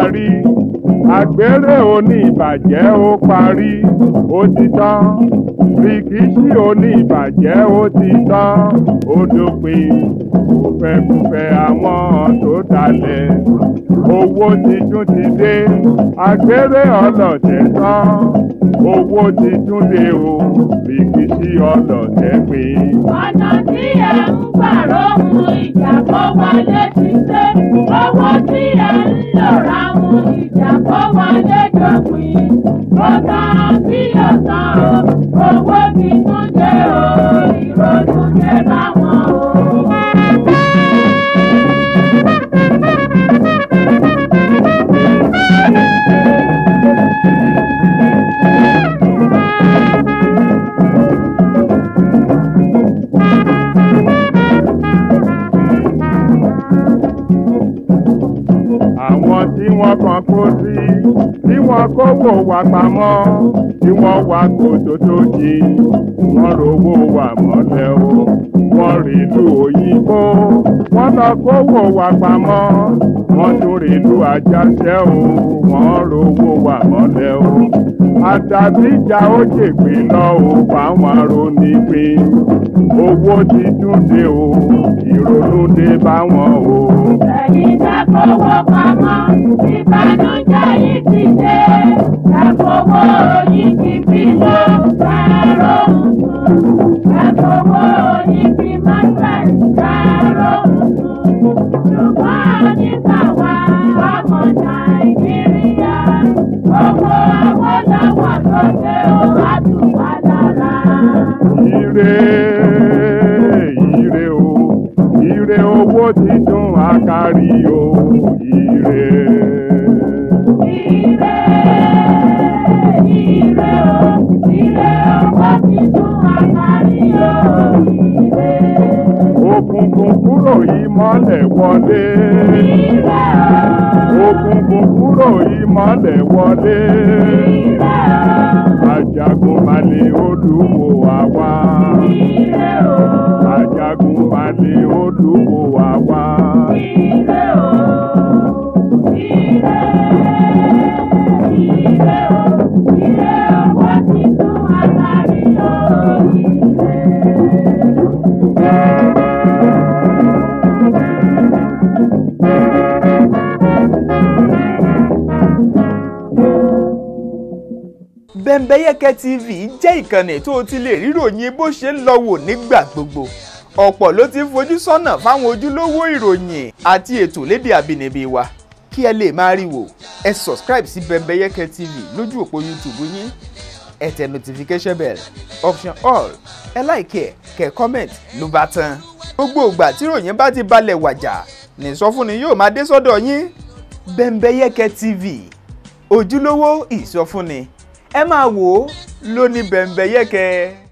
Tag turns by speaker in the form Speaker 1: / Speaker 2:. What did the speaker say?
Speaker 1: parí àgbèrè oní ìbàjẹ́ ó parí ó ti tán rìkíṣí oní ìbàjẹ́ ó ti tán ó dópin kùfẹ̀kùfẹ̀ àwọn tó dalẹ̀ owó titun ti dé àgbèrè ọlọ́tẹ̀ tán owó titun dé o rìkíṣí ọlọ́tẹ̀ pin.
Speaker 2: ọ̀nà tí ẹ̀ ń gbà ìjà kó wọlé dópin ọ̀tá sí ọ̀tá o owó ti tún jẹ́ o ìrònú jẹ́ báwọn.
Speaker 1: àwọn tí wọ́n kan kó sí tí wọ́n kówó wa pamọ́ tí wọ́n wá kòtòtò jì wọ́n rówó wa mọ́lẹ̀ o wọ́n rìlú òyìnbó wọ́n lọ kówó wa pamọ́ wọ́n tún rìlú àjàṣẹ́ o wọ́n rówó wa mọ́lẹ̀ o àtàbíjà ó jèpè lọ o fáwọn arónípin owó ti dúdé o ìrònú dé bá o fowó pamọ́ ìbànújẹ́ yìí ti dé ẹ fowó yìí ti fi
Speaker 2: lọ ẹ rọrùn ẹ fowó yìí fi má gbà gbà.
Speaker 1: owó títún àkárí o ire. ire ire o ire owó títún àkárí o òkùnkùn kúrò ìmọ́lẹ̀ wọlé. ire òkùnkùn kúrò ìmọ́lẹ̀ wọlé. ire o olúwo àwa. ire o. Agunbalẹ̀ olúwo wà wá. Ilé o, ilé, ilé o, ilé
Speaker 3: ọkọ̀ TV jẹ́ ìkànnì tó ti lè ríròyìn bó ṣe ń lọ wò nígbà gbogbo ọ̀pọ̀ ló ti ń fojú sọ́nà fáwọn ojúlówó ìròyìn àti ètò lédè àbínibí wa kí ẹ lè máa rí wò ẹ subscribe sí Bembeyeke TV lójú òpó YouTube yín ẹ tẹ notification bell option all ẹ láìkẹ́ like kẹ́ comment ló bá tán gbogbo ìgbà tí ìròyìn bá ti balẹ̀ wàjà ní ìsọfúnni yóò máa dé sọ́dọ̀ yín Bembeyeke TV ojúlówó ìsọfúnni ẹ máa wò ó lóní Bembeyeke.